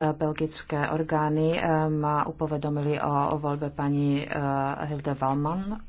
E, belgické orgány e, ma upovedomili o voľbe pani e, Hilde Wallmann.